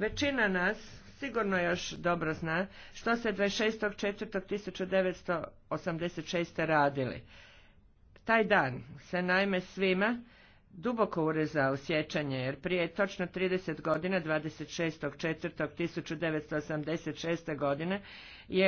Većina nas sigurno još dobro zna što se 26.4.1986. radili. Taj dan se naime svima duboko urezao sjećanje, jer prije točno 30 godina, 26.4.1986. godine, je